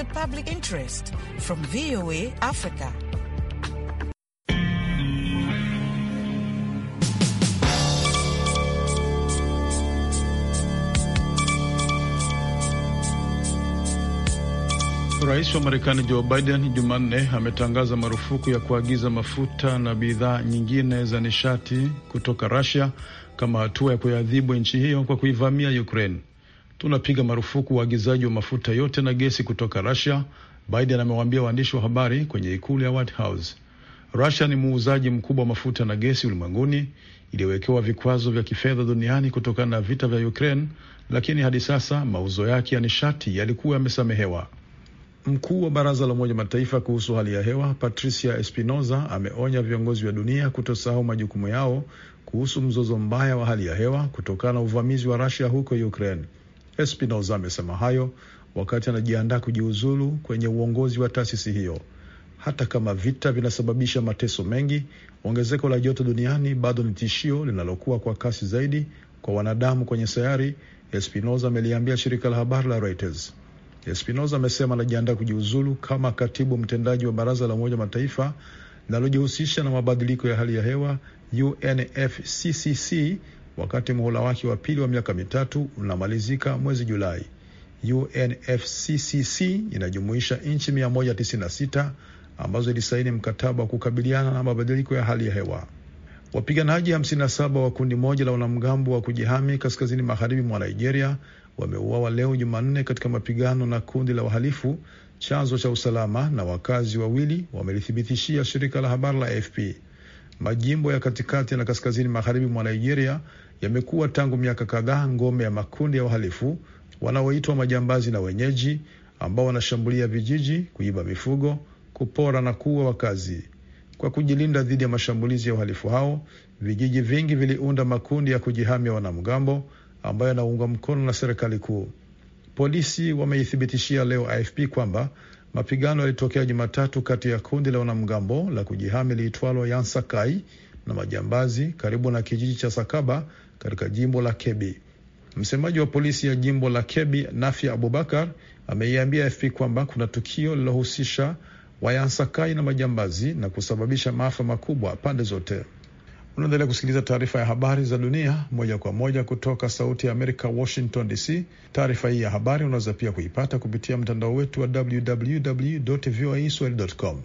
the public interest from VOA Africa. Rais wa Marekani Joe Biden Jumanne ametangaza marufuku ya kuagiza mafuta na bidhaa nyingine za nishati kutoka Russia kama hatua ya kuadhibu nchi hiyo kwa kuivamia Ukraine tunapiga marufuku uagizaji wa mafuta yote na gesi kutoka Russia, Biden amewaambia waandishi wa habari kwenye ikulu ya White House. Russia ni muuzaji mkubwa wa mafuta na gesi ulimwenguni, iliyowekewa vikwazo vya kifedha duniani kutokana na vita vya Ukraine, lakini hadi sasa mauzo yake ya nishati yalikuwa yamesamehewa. Mkuu wa baraza la Umoja Mataifa kuhusu hali ya hewa Patricia Espinoza ameonya viongozi wa dunia kutosahau majukumu yao kuhusu mzozo mbaya wa hali ya hewa kutokana na uvamizi wa Russia huko Ukraine. Espinoza amesema hayo wakati anajiandaa kujiuzulu kwenye uongozi wa taasisi hiyo. Hata kama vita vinasababisha mateso mengi, ongezeko la joto duniani bado ni tishio linalokuwa kwa kasi zaidi kwa wanadamu kwenye sayari, Espinoza ameliambia shirika la habari la Reuters. Espinosa amesema anajiandaa kujiuzulu kama katibu mtendaji wa baraza la Umoja Mataifa linalojihusisha na mabadiliko ya hali ya hewa UNFCCC wakati muhula wake wa pili wa miaka mitatu unamalizika mwezi Julai. UNFCCC inajumuisha nchi 196 ambazo ilisaini mkataba wa kukabiliana na mabadiliko ya hali ya hewa. Wapiganaji 57 wa kundi moja la wanamgambo wa kujihami kaskazini magharibi mwa Nigeria wameuawa leo Jumanne katika mapigano na kundi la wahalifu, chanzo cha usalama na wakazi wawili wamelithibitishia shirika la habari la AFP. Majimbo ya katikati na kaskazini magharibi mwa Nigeria yamekuwa tangu miaka kadhaa ngome ya makundi ya wahalifu wanaoitwa majambazi na wenyeji ambao wanashambulia vijiji, kuiba mifugo, kupora na kuua wakazi. Kwa kujilinda dhidi ya mashambulizi ya uhalifu hao, vijiji vingi viliunda makundi ya kujihamia wanamgambo ambayo yanaungwa mkono na serikali kuu. Polisi wameithibitishia leo AFP kwamba Mapigano yalitokea Jumatatu kati ya kundi la wanamgambo la kujihami liitwalo Yansakai na majambazi karibu na kijiji cha Sakaba katika jimbo la Kebi. Msemaji wa polisi ya jimbo la Kebi, Nafia Abubakar, ameiambia AFP kwamba kuna tukio lililohusisha Wayansakai na majambazi na kusababisha maafa makubwa pande zote. Unaendelea kusikiliza taarifa ya habari za dunia moja kwa moja kutoka Sauti ya Amerika, Washington DC. Taarifa hii ya habari unaweza pia kuipata kupitia mtandao wetu wa www voa swahili com.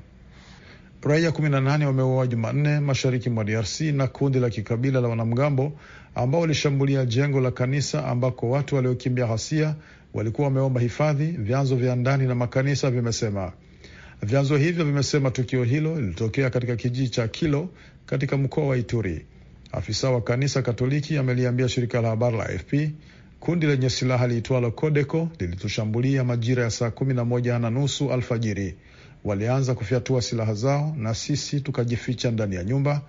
Raia 18 wameuawa Jumanne mashariki mwa DRC na kundi la kikabila la wanamgambo ambao walishambulia jengo la kanisa ambako watu waliokimbia ghasia walikuwa wameomba hifadhi, vyanzo vya ndani na makanisa vimesema. Vyanzo hivyo vimesema tukio hilo lilitokea katika kijiji cha Kilo katika mkoa wa Ituri. Afisa wa kanisa Katoliki ameliambia shirika la habari la AFP kundi lenye silaha liitwalo Kodeko lilitushambulia majira ya saa kumi na moja na nusu alfajiri. Walianza kufyatua silaha zao na sisi tukajificha ndani ya nyumba.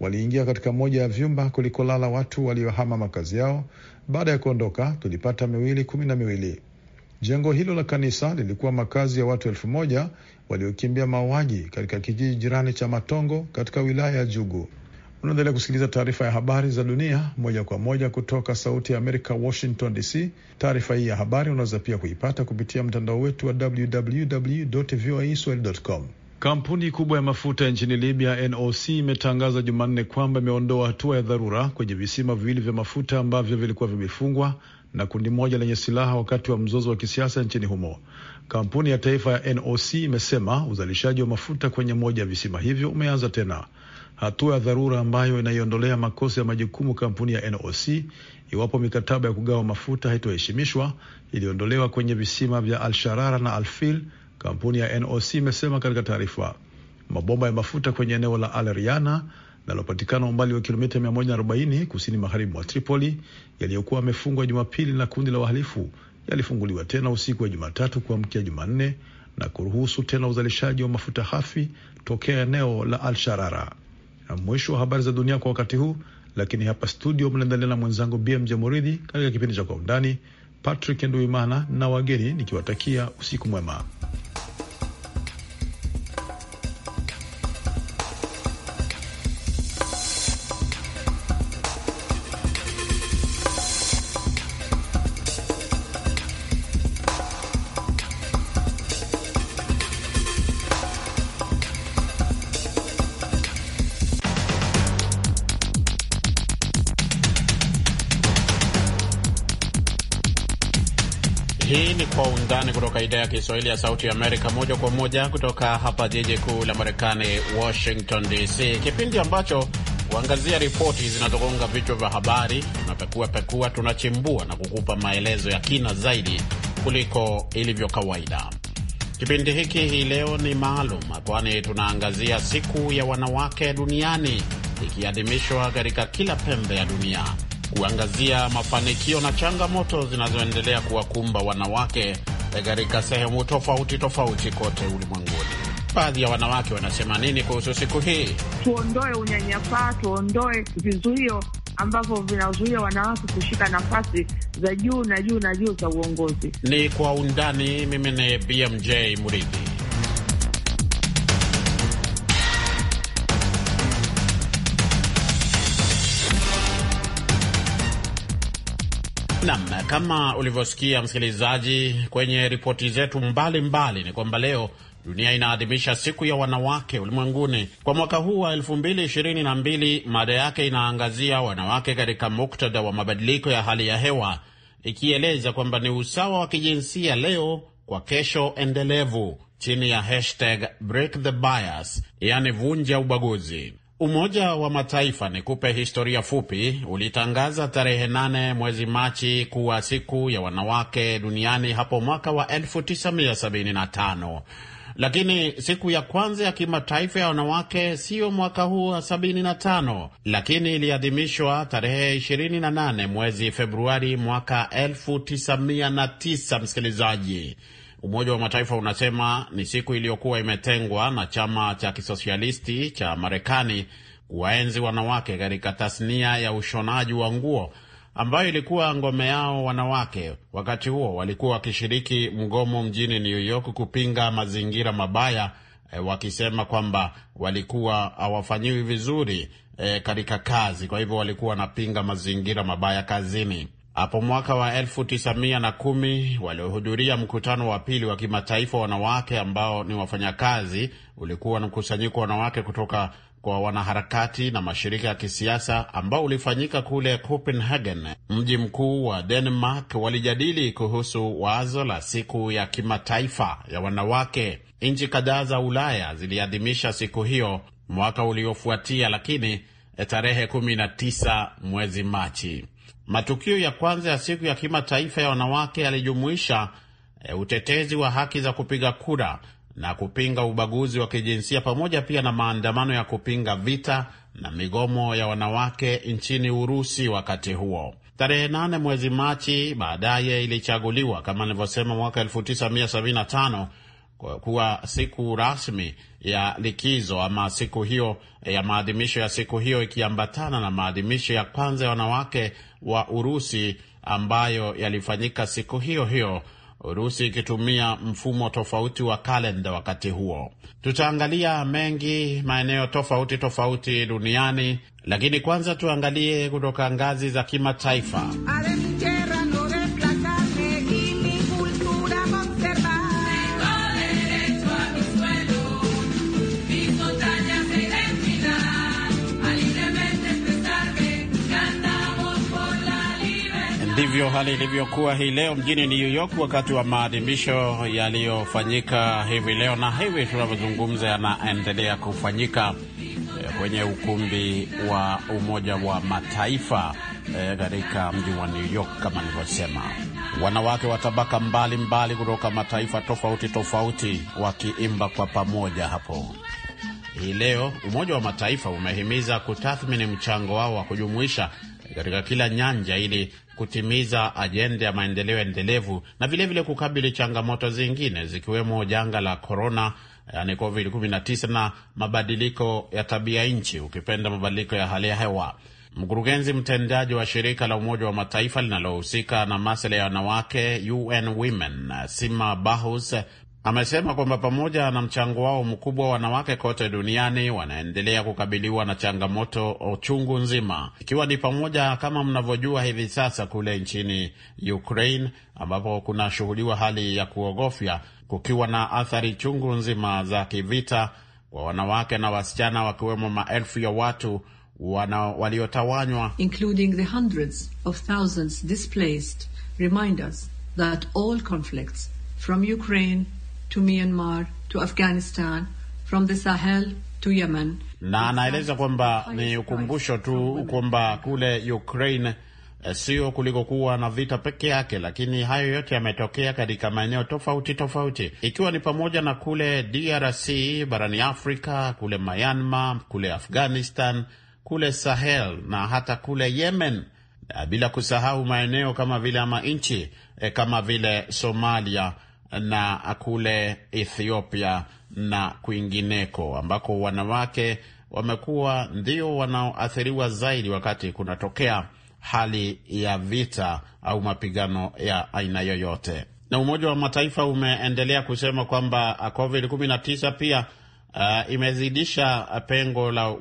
Waliingia katika moja ya vyumba kulikolala watu waliohama makazi yao. Baada ya kuondoka, tulipata miwili kumi na miwili. Jengo hilo la kanisa lilikuwa makazi ya watu elfu moja waliokimbia mauaji katika kijiji jirani cha Matongo katika wilaya ya Jugu. Unaendelea kusikiliza taarifa ya habari za dunia moja kwa moja kutoka Sauti ya Amerika, Washington DC. Taarifa hii ya habari unaweza pia kuipata kupitia mtandao wetu wa www voa com. Kampuni kubwa ya mafuta nchini Libya, NOC, imetangaza Jumanne kwamba imeondoa hatua ya dharura kwenye visima viwili vya mafuta ambavyo vilikuwa vimefungwa na kundi moja lenye silaha wakati wa mzozo wa kisiasa nchini humo. Kampuni ya taifa ya NOC imesema uzalishaji wa mafuta kwenye moja ya visima hivyo umeanza tena, hatua ya dharura ambayo inaiondolea makosa ya majukumu kampuni ya NOC iwapo mikataba ya kugawa mafuta haitoheshimishwa iliondolewa kwenye visima vya Alsharara na Alfil. Kampuni ya NOC imesema katika taarifa, mabomba ya mafuta kwenye eneo la Riana linalopatikana umbali wa kilomita 140 kusini magharibi mwa Tripoli, yaliyokuwa yamefungwa Jumapili na kundi la wahalifu, yalifunguliwa tena usiku wa Jumatatu kuamkia Jumanne na kuruhusu tena uzalishaji wa mafuta hafi tokea eneo la Al-Sharara. Na mwisho wa habari za dunia kwa wakati huu, lakini hapa studio mnaendelea na mwenzangu BMJ muridhi katika kipindi cha Kwa Undani. Patrick Nduimana na wageni nikiwatakia usiku mwema. idhaa ya Kiswahili ya Sauti Amerika, moja kwa moja kutoka hapa jiji kuu la Marekani, Washington DC, kipindi ambacho huangazia ripoti zinazogonga vichwa vya habari. Tunapekua pekua, tunachimbua na kukupa maelezo ya kina zaidi kuliko ilivyo kawaida. Kipindi hiki hii leo ni maalum, kwani tunaangazia siku ya wanawake duniani ikiadhimishwa katika kila pembe ya dunia, kuangazia mafanikio na changamoto zinazoendelea kuwakumba wanawake katika sehemu tofauti tofauti kote ulimwenguni. Baadhi ya wanawake wanasema nini kuhusu siku hii? Tuondoe unyanyapaa, tuondoe vizuio ambavyo vinazuia wanawake kushika nafasi za juu na juu na juu za uongozi. Ni kwa undani. Mimi ni BMJ Muridhi. Nam, kama ulivyosikia msikilizaji, kwenye ripoti zetu mbalimbali, ni kwamba leo dunia inaadhimisha siku ya wanawake ulimwenguni. Kwa mwaka huu wa 2022 mada yake inaangazia wanawake katika muktadha wa mabadiliko ya hali ya hewa, ikieleza kwamba ni usawa wa kijinsia leo kwa kesho endelevu, chini ya hashtag break the bias, yani vunja ubaguzi. Umoja wa Mataifa, nikupe historia fupi, ulitangaza tarehe nane mwezi Machi kuwa siku ya wanawake duniani hapo mwaka wa 1975 lakini siku ya kwanza ya kimataifa ya wanawake siyo mwaka huu wa 75 lakini iliadhimishwa tarehe 28 mwezi Februari mwaka 1909. Msikilizaji, Umoja wa Mataifa unasema ni siku iliyokuwa imetengwa na chama cha kisosialisti cha Marekani kuwaenzi wanawake katika tasnia ya ushonaji wa nguo ambayo ilikuwa ngome yao wanawake. Wakati huo walikuwa wakishiriki mgomo mjini New York kupinga mazingira mabaya e, wakisema kwamba walikuwa hawafanyiwi vizuri e, katika kazi. Kwa hivyo walikuwa wanapinga mazingira mabaya kazini. Hapo mwaka wa 1910 waliohudhuria mkutano wa pili wa kimataifa wanawake ambao ni wafanyakazi ulikuwa na mkusanyiko wanawake kutoka kwa wanaharakati na mashirika ya kisiasa ambao ulifanyika kule Copenhagen, mji mkuu wa Denmark. Walijadili kuhusu wazo la siku ya kimataifa ya wanawake. Nchi kadhaa za Ulaya ziliadhimisha siku hiyo mwaka uliofuatia, lakini eh, tarehe 19 mwezi Machi. Matukio ya kwanza ya siku ya kimataifa ya wanawake yalijumuisha e, utetezi wa haki za kupiga kura na kupinga ubaguzi wa kijinsia pamoja pia na maandamano ya kupinga vita na migomo ya wanawake nchini Urusi wakati huo. Tarehe nane mwezi Machi baadaye ilichaguliwa kama nilivyosema, mwaka 1975 kuwa siku rasmi ya likizo ama siku hiyo ya maadhimisho ya siku hiyo ikiambatana na maadhimisho ya kwanza ya wanawake wa Urusi ambayo yalifanyika siku hiyo hiyo, Urusi ikitumia mfumo tofauti wa kalenda wakati huo. Tutaangalia mengi maeneo tofauti tofauti duniani, lakini kwanza tuangalie kutoka ngazi za kimataifa. ndivyo hali ilivyokuwa hii leo mjini New York wakati wa maadhimisho yaliyofanyika hivi leo na hivi tunavyozungumza yanaendelea kufanyika eh, kwenye ukumbi wa Umoja wa Mataifa eh, katika mji wa New York. Kama nilivyosema, wanawake wa tabaka mbalimbali kutoka mataifa tofauti tofauti wakiimba kwa pamoja hapo. Hii leo Umoja wa Mataifa umehimiza kutathmini mchango wao wa kujumuisha katika kila nyanja ili kutimiza ajenda ya maendeleo endelevu na vilevile vile kukabili changamoto zingine zikiwemo janga la korona, yani COVID-19 na mabadiliko ya tabia nchi, ukipenda mabadiliko ya hali ya hewa. Mkurugenzi mtendaji wa shirika la Umoja wa Mataifa linalohusika na masuala ya wanawake UN Women, Sima Bahus, amesema kwamba pamoja na mchango wao mkubwa, wanawake kote duniani wanaendelea kukabiliwa na changamoto chungu nzima, ikiwa ni pamoja kama mnavyojua hivi sasa kule nchini Ukraine ambapo kunashuhudiwa hali ya kuogofya, kukiwa na athari chungu nzima za kivita kwa wanawake na wasichana, wakiwemo maelfu ya watu wana, waliotawanywa including the hundreds of thousands displaced remind us that all conflicts from Ukraine to Myanmar to Afghanistan, from the Sahel to Yemen. Na anaeleza kwamba ni ukumbusho tu kwamba kule Ukraine eh, sio kulikokuwa na vita peke yake, lakini hayo yote yametokea katika maeneo tofauti tofauti, ikiwa ni pamoja na kule DRC barani Afrika, kule Myanmar, kule Afghanistan, kule Sahel na hata kule Yemen, eh, bila kusahau maeneo kama vile ama nchi eh, kama vile Somalia na kule Ethiopia na kwingineko ambako wanawake wamekuwa ndio wanaoathiriwa zaidi wakati kunatokea hali ya vita au mapigano ya aina yoyote. Na Umoja wa Mataifa umeendelea kusema kwamba COVID-19 pia uh, imezidisha pengo la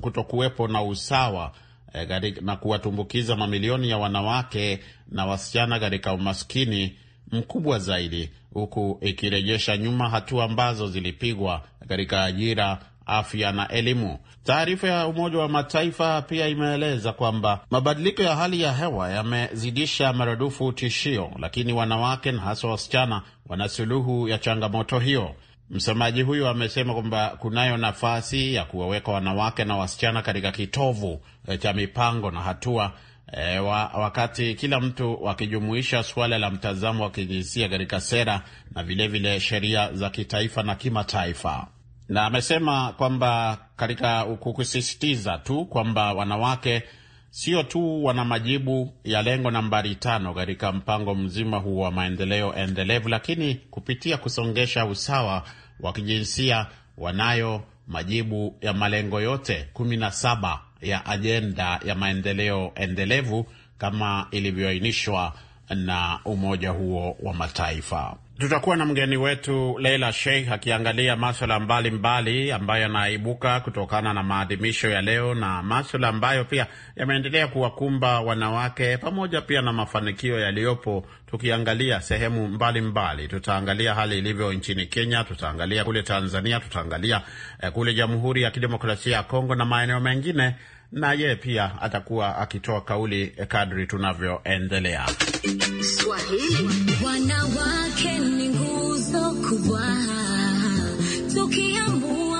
kutokuwepo na usawa eh, na kuwatumbukiza mamilioni ya wanawake na wasichana katika umaskini mkubwa zaidi, huku ikirejesha nyuma hatua ambazo zilipigwa katika ajira, afya na elimu. Taarifa ya Umoja wa Mataifa pia imeeleza kwamba mabadiliko ya hali ya hewa yamezidisha maradufu tishio, lakini wanawake na hasa wasichana wana suluhu ya changamoto hiyo. Msemaji huyo amesema kwamba kunayo nafasi ya kuwaweka wanawake na wasichana katika kitovu eh, cha mipango na hatua e, wa, wakati kila mtu wakijumuisha suala la mtazamo wa kijinsia katika sera na vilevile sheria za kitaifa na kimataifa. Na amesema kwamba katika kukusisitiza tu kwamba wanawake sio tu wana majibu ya lengo nambari tano katika mpango mzima huu wa maendeleo endelevu, lakini kupitia kusongesha usawa wa kijinsia wanayo majibu ya malengo yote kumi na saba ya ajenda ya maendeleo endelevu kama ilivyoainishwa na umoja huo wa Mataifa. Tutakuwa na mgeni wetu Leila Sheikh akiangalia maswala mbalimbali ambayo yanaibuka kutokana na maadhimisho ya leo na maswala ambayo pia yameendelea kuwakumba wanawake pamoja pia na mafanikio yaliyopo, tukiangalia sehemu mbalimbali. Tutaangalia hali ilivyo nchini Kenya, tutaangalia kule Tanzania, tutaangalia eh, kule Jamhuri ya Kidemokrasia ya Kongo na maeneo mengine na yeye pia atakuwa akitoa kauli eh, kadri tunavyoendelea. Swahili, wanawake ni nguzo kubwa,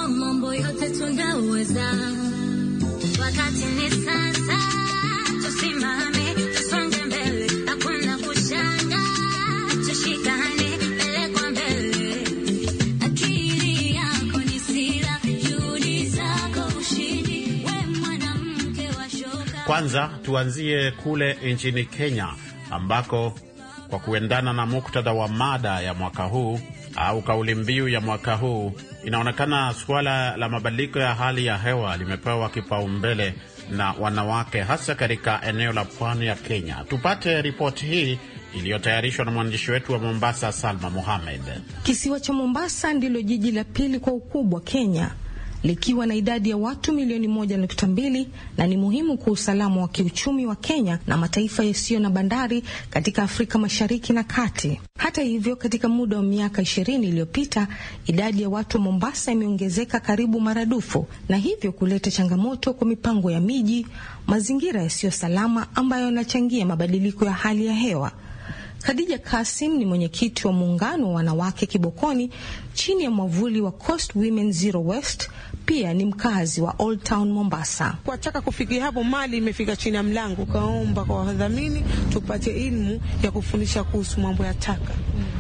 mambo yote tunaweza. Wakati ni sasa, tusimame Kwanza tuanzie kule nchini Kenya ambako kwa kuendana na muktadha wa mada ya mwaka huu au kauli mbiu ya mwaka huu, inaonekana suala la mabadiliko ya hali ya hewa limepewa kipaumbele na wanawake, hasa katika eneo la pwani ya Kenya. Tupate ripoti hii iliyotayarishwa na mwandishi wetu wa Mombasa, Salma Mohamed. Kisiwa cha Mombasa ndilo jiji la pili kwa ukubwa Kenya likiwa na idadi ya watu milioni moja nukta mbili na ni muhimu kwa usalama wa kiuchumi wa Kenya na mataifa yasiyo na bandari katika Afrika Mashariki na Kati. Hata hivyo, katika muda wa miaka ishirini iliyopita idadi ya watu wa Mombasa imeongezeka karibu maradufu na hivyo kuleta changamoto kwa mipango ya miji, mazingira yasiyo salama ambayo yanachangia mabadiliko ya hali ya hewa. Khadija Kasim ni mwenyekiti wa muungano wa wanawake Kibokoni chini ya mwavuli wa Coast Women Zero Waste pia ni mkazi wa Old Town Mombasa. Kwa kufikia hapo, mali imefika chini ya mlango, kaomba kwa wadhamini tupate ilmu ya kufundisha kuhusu mambo ya taka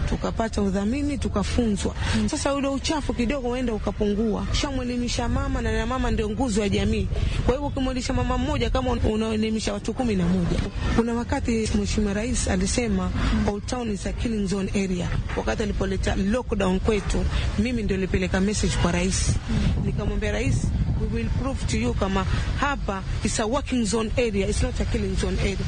tukapata udhamini tukafunzwa. Mm. Sasa ule uchafu kidogo uenda ukapungua. Shamwelimisha mama na, na mama ndio nguzo ya jamii. Kwa hivyo ukimwelimisha mama mmoja kama unaelimisha watu kumi na moja. Kuna wakati Mheshimiwa Rais alisema mm. Old Town is a killing zone area. Wakati alipoleta lockdown kwetu, mimi ndio nilipeleka message kwa rais. Mm. Nikama mgombea rais, we will prove to you kama hapa is a working zone area, it's not a killing zone area.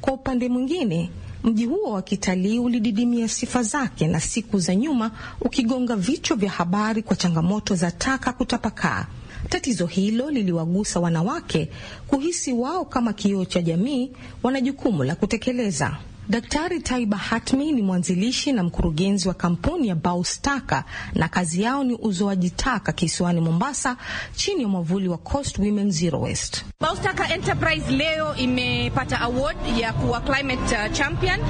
Kwa upande mwingine mji huo wa kitalii ulididimia sifa zake na siku za nyuma ukigonga vichwa vya habari kwa changamoto za taka kutapakaa. Tatizo hilo liliwagusa wanawake kuhisi wao kama kioo cha jamii wana jukumu la kutekeleza. Daktari Taiba Hatmi ni mwanzilishi na mkurugenzi wa kampuni ya Baustaka na kazi yao ni uzoaji taka kisiwani Mombasa chini ya mwavuli wa Coast Women Zero Waste. Baustaka Enterprise leo imepata award ya kuwa climate uh, champion,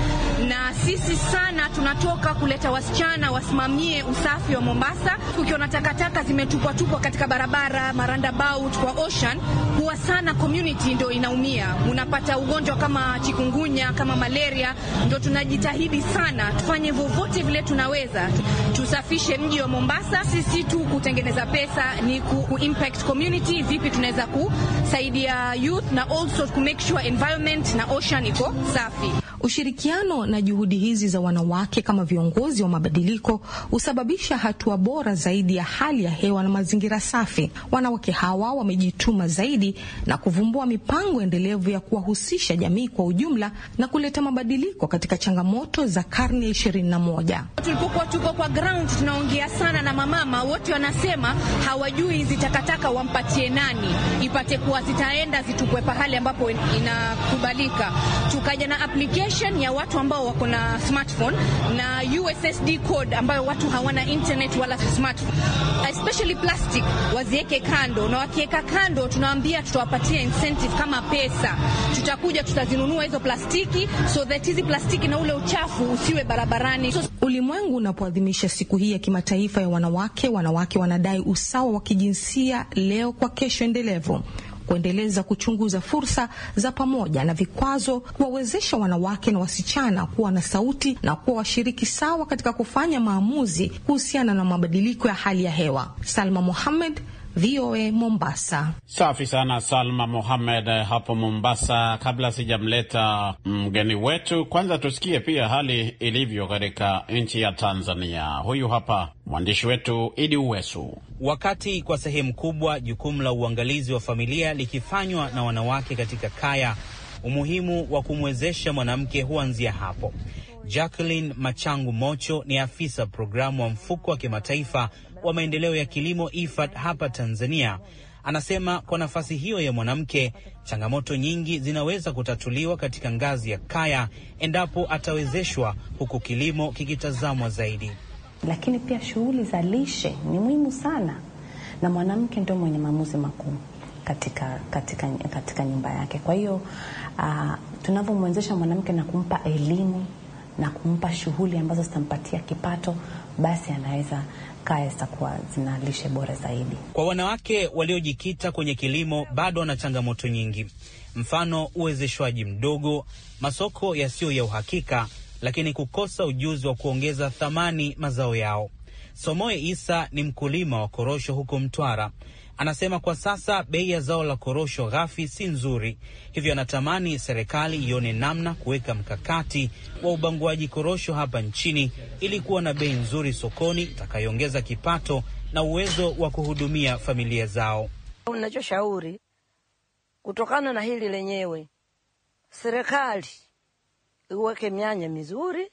na sisi sana tunatoka kuleta wasichana wasimamie usafi wa Mombasa. Ukiona takataka zimetupwatupwa katika barabara marandabout, kwa ocean, huwa sana community ndio inaumia, unapata ugonjwa kama chikungunya kama malaria afya, ndo tunajitahidi sana tufanye vyovote vile tunaweza tusafishe mji wa Mombasa. Sisi tu kutengeneza pesa ni ku, ku impact community, vipi tunaweza kusaidia youth na also to make sure environment na ocean iko safi. Ushirikiano na juhudi hizi za wanawake kama viongozi wa mabadiliko husababisha hatua bora zaidi ya hali ya hewa na mazingira safi. Wanawake hawa wamejituma zaidi na kuvumbua mipango endelevu ya kuwahusisha jamii kwa ujumla na kuleta mabadiliko katika changamoto za karne ya moja. Tulipokuwa tuko kwa ground, tunaongea sana na mamama wote, wanasema hawajui hizi takataka wampatie nani, ipate kuwa zitaenda zitupwe pahali ambapo inakubalika. Tukaja na application combination ya watu ambao wako na smartphone na USSD code ambayo watu hawana internet wala smartphone, especially plastic wazieke kando, na wakiweka kando, tunawaambia tutawapatia incentive kama pesa, tutakuja tutazinunua hizo plastiki, so that hizi plastiki na ule uchafu usiwe barabarani. So, ulimwengu unapoadhimisha siku hii ya kimataifa ya wanawake, wanawake wanadai usawa wa kijinsia leo kwa kesho endelevu kuendeleza kuchunguza fursa za pamoja na vikwazo, kuwawezesha wanawake na wasichana kuwa na sauti na kuwa washiriki sawa katika kufanya maamuzi kuhusiana na mabadiliko ya hali ya hewa. Salma Mohamed, VOA Mombasa. Safi sana Salma Mohamed eh, hapo Mombasa. Kabla sijamleta mgeni wetu, kwanza tusikie pia hali ilivyo katika nchi ya Tanzania. Huyu hapa mwandishi wetu Idi Uwesu. Wakati kwa sehemu kubwa jukumu la uangalizi wa familia likifanywa na wanawake katika kaya, umuhimu wa kumwezesha mwanamke huanzia hapo. Jacqueline Machangu Mocho ni afisa programu wa mfuko wa kimataifa wa maendeleo ya kilimo IFAD hapa Tanzania. Anasema kwa nafasi hiyo ya mwanamke, changamoto nyingi zinaweza kutatuliwa katika ngazi ya kaya endapo atawezeshwa, huku kilimo kikitazamwa zaidi. Lakini pia shughuli za lishe ni muhimu sana, na mwanamke ndio mwenye maamuzi makuu katika, katika, katika nyumba yake. Kwa hiyo uh, tunavyomwezesha mwanamke na kumpa elimu na kumpa shughuli ambazo zitampatia kipato, basi anaweza kaya zitakuwa zina lishe bora zaidi. Kwa wanawake waliojikita kwenye kilimo, bado wana changamoto nyingi, mfano uwezeshwaji mdogo, masoko yasiyo ya uhakika lakini kukosa ujuzi wa kuongeza thamani mazao yao. Somoe Isa ni mkulima wa korosho huko Mtwara. Anasema kwa sasa bei ya zao la korosho ghafi si nzuri, hivyo anatamani serikali ione namna kuweka mkakati wa ubanguaji korosho hapa nchini ili kuwa na bei nzuri sokoni itakayoongeza kipato na uwezo wa kuhudumia familia zao. Nachoshauri kutokana na hili lenyewe serikali uweke mianya mizuri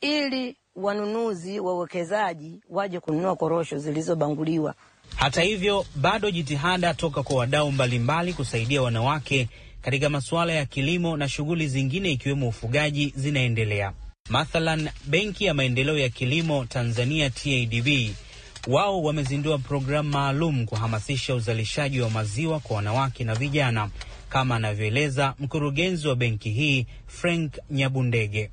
ili wanunuzi wawekezaji waje kununua korosho zilizobanguliwa. Hata hivyo, bado jitihada toka kwa wadau mbalimbali kusaidia wanawake katika masuala ya kilimo na shughuli zingine ikiwemo ufugaji zinaendelea. Mathalan, Benki ya Maendeleo ya Kilimo Tanzania TADB wao wamezindua programu maalum kuhamasisha uzalishaji wa maziwa kwa wanawake na vijana kama anavyoeleza mkurugenzi wa benki hii Frank Nyabundege.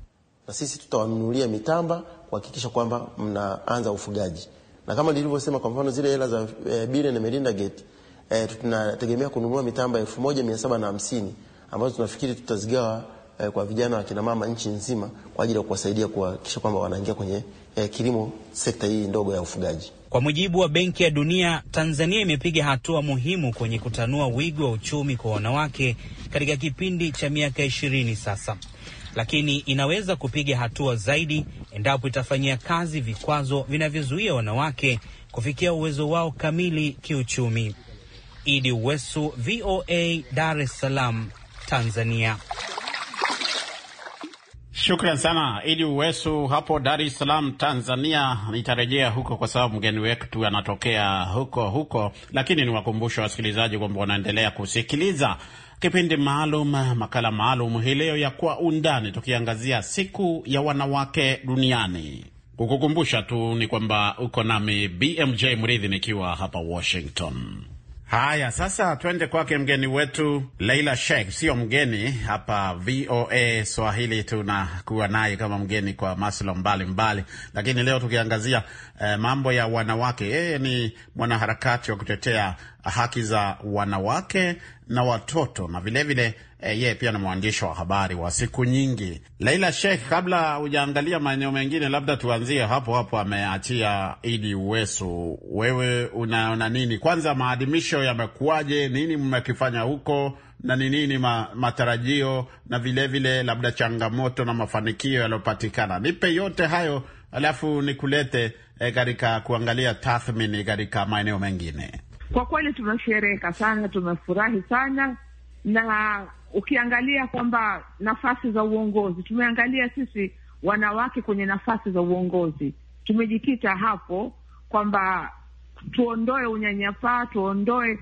Na sisi tutawanunulia mitamba kuhakikisha kwamba mnaanza ufugaji, na kama nilivyosema, kwa mfano zile hela za e, eh, Bill na Melinda Gates e, eh, tunategemea kununua mitamba elfu moja mia saba na hamsini ambazo tunafikiri tutazigawa eh, kwa vijana wa kina mama nchi nzima kwa ajili ya kuwasaidia kuhakikisha kwamba wanaingia kwenye eh, kilimo, sekta hii ndogo ya ufugaji. Kwa mujibu wa Benki ya Dunia, Tanzania imepiga hatua muhimu kwenye kutanua wigo wa uchumi kwa wanawake katika kipindi cha miaka ishirini sasa, lakini inaweza kupiga hatua zaidi endapo itafanyia kazi vikwazo vinavyozuia wanawake kufikia uwezo wao kamili kiuchumi. Idi Wesu, VOA, Dar es Salaam, Tanzania. Shukran sana Idi Uwesu hapo Dar es Salaam, Tanzania. Nitarejea huko kwa sababu mgeni wetu anatokea huko huko, lakini niwakumbushe wasikilizaji kwamba wanaendelea kusikiliza kipindi maalum, makala maalum hii leo ya Kwa Undani, tukiangazia siku ya wanawake duniani. Kukukumbusha tu ni kwamba uko nami BMJ Mridhi nikiwa hapa Washington. Haya, sasa twende kwake mgeni wetu Leila Sheikh, sio mgeni hapa VOA Swahili, tunakuwa naye kama mgeni kwa masuala mbalimbali, lakini leo tukiangazia eh, mambo ya wanawake. Yeye ni mwanaharakati wa kutetea haki za wanawake na watoto na vilevile eh, yeye eh, pia ni mwandishi wa habari wa siku nyingi. Laila Sheikh, kabla hujaangalia maeneo mengine, labda tuanzie hapo hapo ameachia Idi Uwesu. Wewe unaona nini? Kwanza, maadhimisho yamekuwaje? Nini mmekifanya huko na ni nini ma, matarajio na vilevile vile, labda changamoto na mafanikio yaliyopatikana? Nipe yote hayo alafu nikulete eh, katika e, kuangalia tathmini katika maeneo mengine. Kwa kweli tunashereheka sana, tumefurahi sana, na ukiangalia kwamba nafasi za uongozi, tumeangalia sisi wanawake kwenye nafasi za uongozi, tumejikita hapo kwamba tuondoe unyanyapaa, tuondoe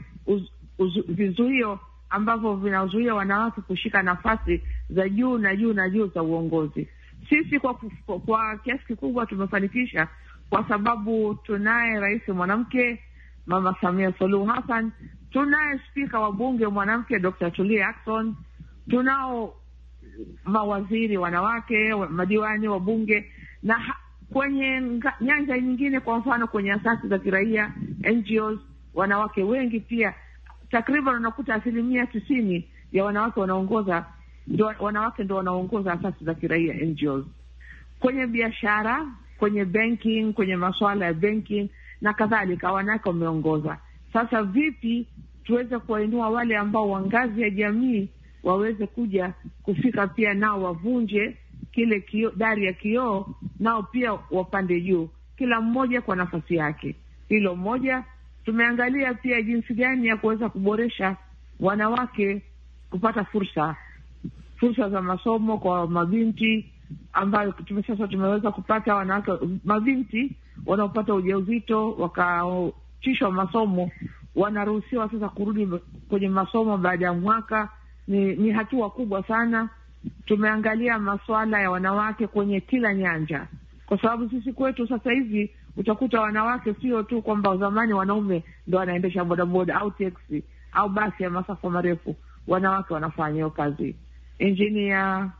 vizuio ambavyo vinazuia wanawake kushika nafasi za juu na juu na juu za uongozi. Sisi kwa, kwa kiasi kikubwa tumefanikisha, kwa sababu tunaye rais mwanamke Mama Samia Suluhu Hassan, tunaye spika wa bunge mwanamke Dr. Tulia Ackson, tunao mawaziri wanawake, madiwani wa bunge na kwenye nyanja nyingine, kwa mfano kwenye asasi za kiraia NGOs, wanawake wengi pia. Takriban unakuta asilimia tisini ya wanawake wanaongoza, ndo wanawake ndo wanaongoza asasi za kiraia NGOs. Kwenye biashara, kwenye banking, kwenye masuala ya banking, na kadhalika, wanawake wameongoza. Sasa vipi tuweze kuwainua wale ambao wa ngazi ya jamii waweze kuja kufika pia nao wavunje kile kio, dari ya kioo, nao pia wapande juu, kila mmoja kwa nafasi yake. Hilo moja. Tumeangalia pia jinsi gani ya kuweza kuboresha wanawake kupata fursa fursa za masomo kwa mabinti ambayo sasa tumeweza kupata wanawake mabinti wanaopata ujauzito wakaotishwa masomo wanaruhusiwa sasa kurudi kwenye masomo baada ya mwaka. Ni, ni hatua kubwa sana. Tumeangalia masuala ya wanawake kwenye kila nyanja, kwa sababu sisi kwetu sasa hivi utakuta wanawake sio tu kwamba zamani wanaume ndo wanaendesha bodaboda au teksi au basi ya masafa marefu. Wanawake wanafanya hiyo kazi, injinia,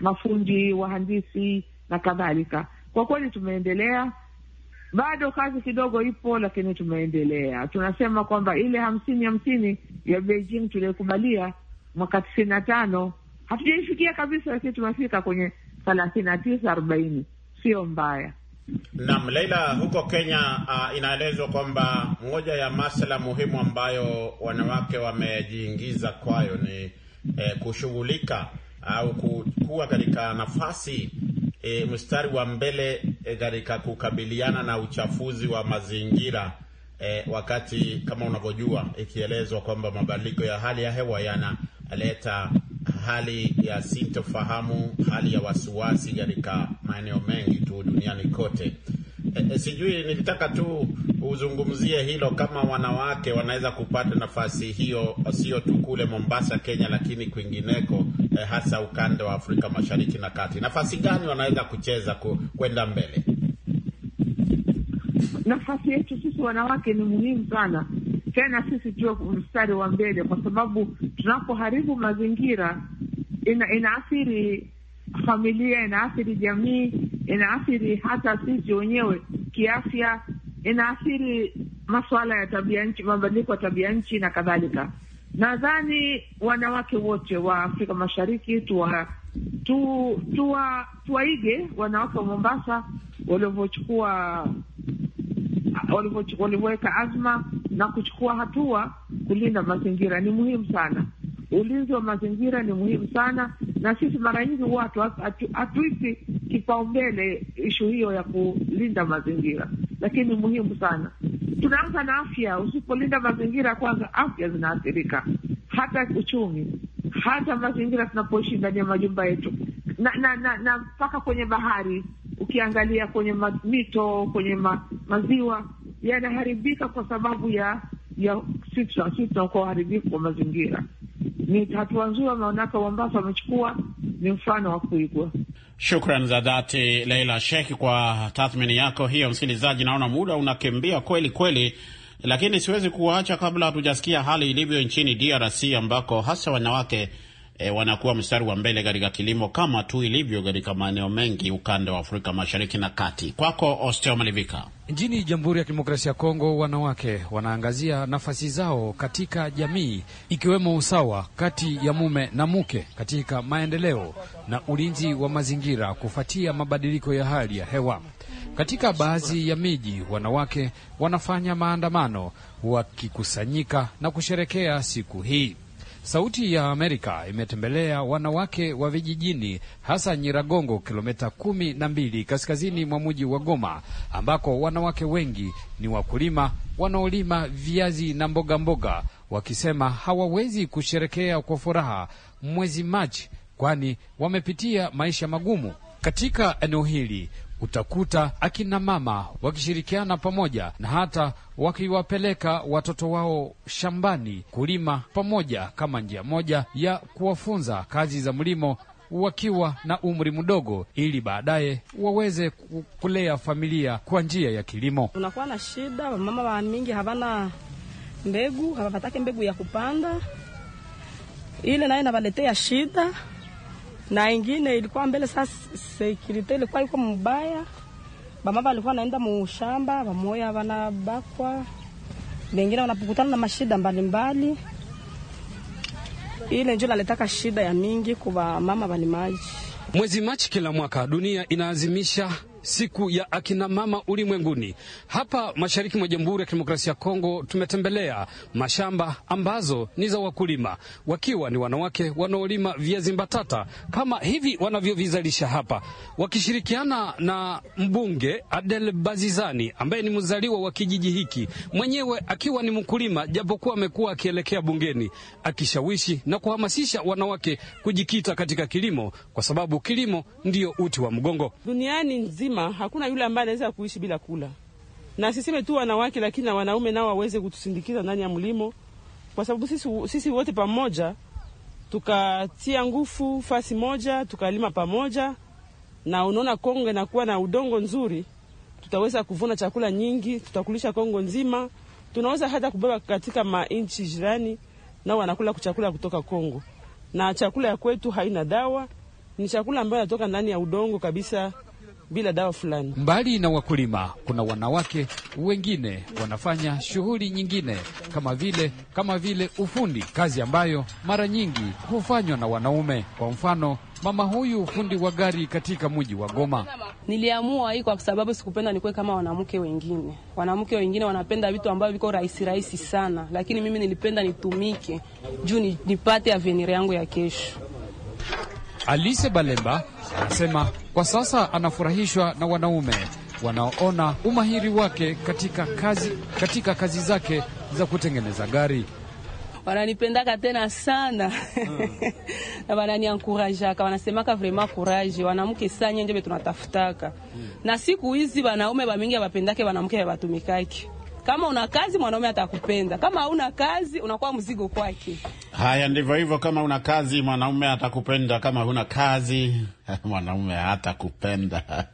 mafundi, wahandisi na kadhalika. Kwa kweli tumeendelea bado kazi kidogo ipo, lakini tumeendelea. Tunasema kwamba ile hamsini hamsini ya Beijing tuliyokubalia mwaka tisini na tano hatujaifikia kabisa, lakini tumefika kwenye thelathini na tisa arobaini, sio mbaya. Naam, Leila, huko Kenya uh, inaelezwa kwamba moja ya masuala muhimu ambayo wanawake wamejiingiza kwayo ni eh, kushughulika au kuwa katika nafasi e, mstari wa mbele eh, katika e, kukabiliana na uchafuzi wa mazingira e, wakati kama unavyojua ikielezwa kwamba mabadiliko ya hali ya hewa yanaleta hali ya sintofahamu, hali ya wasiwasi katika maeneo mengi tu duniani kote. E, sijui nilitaka tu uzungumzie hilo, kama wanawake wanaweza kupata nafasi hiyo, sio tu kule Mombasa, Kenya, lakini kwingineko, e, hasa ukanda wa Afrika Mashariki na Kati, nafasi gani wanaweza kucheza kwenda mbele? Nafasi yetu sisi wanawake ni muhimu sana, tena sisi tuwe mstari wa mbele, kwa sababu tunapoharibu mazingira ina, inaathiri familia, inaathiri jamii inaathiri hata sisi wenyewe kiafya, inaathiri masuala ya tabia nchi, mabadiliko ya tabia nchi na kadhalika. Nadhani wanawake wote wa Afrika Mashariki tuwa tu, tuwa, tuwaige wanawake wa Mombasa walivyochukua walivyoweka azma na kuchukua hatua kulinda mazingira. Ni muhimu sana, ulinzi wa mazingira ni muhimu sana, na sisi mara nyingi huwa hatuipi kipaumbele ishu hiyo ya kulinda mazingira, lakini muhimu sana. Tunaanza na afya. Usipolinda mazingira kwanza, afya zinaathirika, hata uchumi, hata mazingira tunapoishi ndani ya majumba yetu na na na na mpaka kwenye bahari, ukiangalia kwenye ma, mito kwenye ma, maziwa yanaharibika kwa sababu ya ya sisi tunakuwa uharibifu wa mazingira. Ni hatua nzuri wanaonaka Mombasa wamechukua, ni mfano wa kuigwa. Shukran za dhati Leila Sheikh kwa tathmini yako hiyo. Msikilizaji, naona muda unakimbia kweli kweli, lakini siwezi kuwaacha kabla hatujasikia hali ilivyo nchini DRC ambako hasa wanawake e, wanakuwa mstari wa mbele katika kilimo kama tu ilivyo katika maeneo mengi ukanda wa Afrika Mashariki na Kati. Kwako osteo Malivika. Nchini Jamhuri ya Kidemokrasia ya Kongo, wanawake wanaangazia nafasi zao katika jamii, ikiwemo usawa kati ya mume na mke katika maendeleo na ulinzi wa mazingira kufuatia mabadiliko ya hali ya hewa. Katika baadhi ya miji wanawake wanafanya maandamano wakikusanyika na kusherekea siku hii. Sauti ya Amerika imetembelea wanawake wa vijijini hasa Nyiragongo, kilomita kumi na mbili kaskazini mwa mji wa Goma, ambako wanawake wengi ni wakulima wanaolima viazi na mboga mboga, wakisema hawawezi kusherekea kwa furaha mwezi Machi kwani wamepitia maisha magumu katika eneo hili utakuta akina mama wakishirikiana pamoja na hata wakiwapeleka watoto wao shambani kulima pamoja kama njia moja ya kuwafunza kazi za mlimo wakiwa na umri mdogo ili baadaye waweze kulea familia kwa njia ya kilimo. Unakuwa na shida, wamama wa mingi havana mbegu, hawapatake mbegu ya kupanda, ile naye navaletea shida na ingine ilikuwa mbele. Sasa security ilikuwa iko mbaya, bamama alikuwa naenda mushamba bamoya banabakwa, wengine wanapokutana na mashida mbalimbali mbali. Ile njo naletaka shida ya mingi kwa mama balimaji. Mwezi Machi kila mwaka dunia inaazimisha siku ya akinamama ulimwenguni. Hapa mashariki mwa Jamhuri ya Kidemokrasia ya Kongo tumetembelea mashamba ambazo ni za wakulima, wakiwa ni wanawake wanaolima viazi mbatata kama hivi wanavyovizalisha hapa, wakishirikiana na mbunge Adel Bazizani ambaye ni mzaliwa wa kijiji hiki, mwenyewe akiwa ni mkulima, japokuwa amekuwa akielekea bungeni akishawishi na kuhamasisha wanawake kujikita katika kilimo, kwa sababu kilimo ndio uti wa mgongo duniani nzima mzima, hakuna yule ambaye anaweza kuishi bila kula, na siseme tu wanawake, lakini na wanaume nao waweze kutusindikiza ndani ya mlimo, kwa sababu sisi, sisi wote pamoja tukatia nguvu fasi moja tukalima pamoja, na unaona Kongo inakuwa na udongo nzuri, tutaweza kuvuna chakula nyingi, tutakulisha Kongo nzima, tunaweza hata kubeba katika mainchi jirani, nao wanakula chakula kutoka Kongo, na chakula ya kwetu haina dawa, ni chakula ambayo inatoka ndani ya udongo kabisa bila dawa fulani. Mbali na wakulima, kuna wanawake wengine wanafanya shughuli nyingine kama vile kama vile ufundi, kazi ambayo mara nyingi hufanywa na wanaume. Kwa mfano mama huyu fundi wa gari katika mji wa Goma. Niliamua hii kwa sababu sikupenda nikuwe kama wanawake wengine. Wanawake wengine wanapenda vitu ambavyo viko rahisi rahisi sana, lakini mimi nilipenda nitumike juu nipate avenir yangu ya kesho. Alise Balemba Sema kwa sasa anafurahishwa na wanaume wanaoona umahiri wake katika kazi, katika kazi zake za kutengeneza gari. Wananipendaka tena sana hmm. na wananiankurajaka, wanasemaka vrema kuraji wanamke sanyenjebe tunatafutaka, hmm. na siku hizi wanaume wamingi wapendake wanamke wabatumikake kama una kazi mwanaume atakupenda, kama hauna kazi unakuwa mzigo kwake. Haya, ndivyo hivyo. Kama una kazi mwanaume atakupenda, kama huna kazi mwanaume hatakupenda.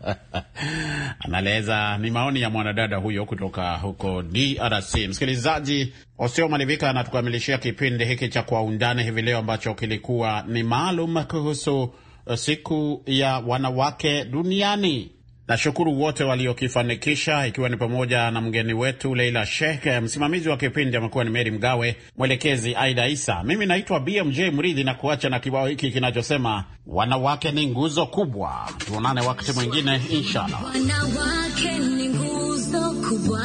Anaeleza ni maoni ya mwanadada huyo kutoka huko DRC. Msikilizaji, Osio Malivika anatukamilishia kipindi hiki cha Kwa Undani hivi leo ambacho kilikuwa ni maalum kuhusu eh, siku ya wanawake duniani. Nashukuru wote waliokifanikisha, ikiwa ni pamoja na mgeni wetu Leila Sheikh. Msimamizi wa kipindi amekuwa ni Meri Mgawe, mwelekezi Aida Isa. Mimi naitwa BMJ Mridhi na kuacha na kibao hiki kinachosema wanawake ni nguzo kubwa. Tuonane wakati mwingine inshallah. Wanawake ni nguzo kubwa,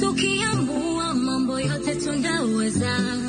tukiamua mambo yote tunaweza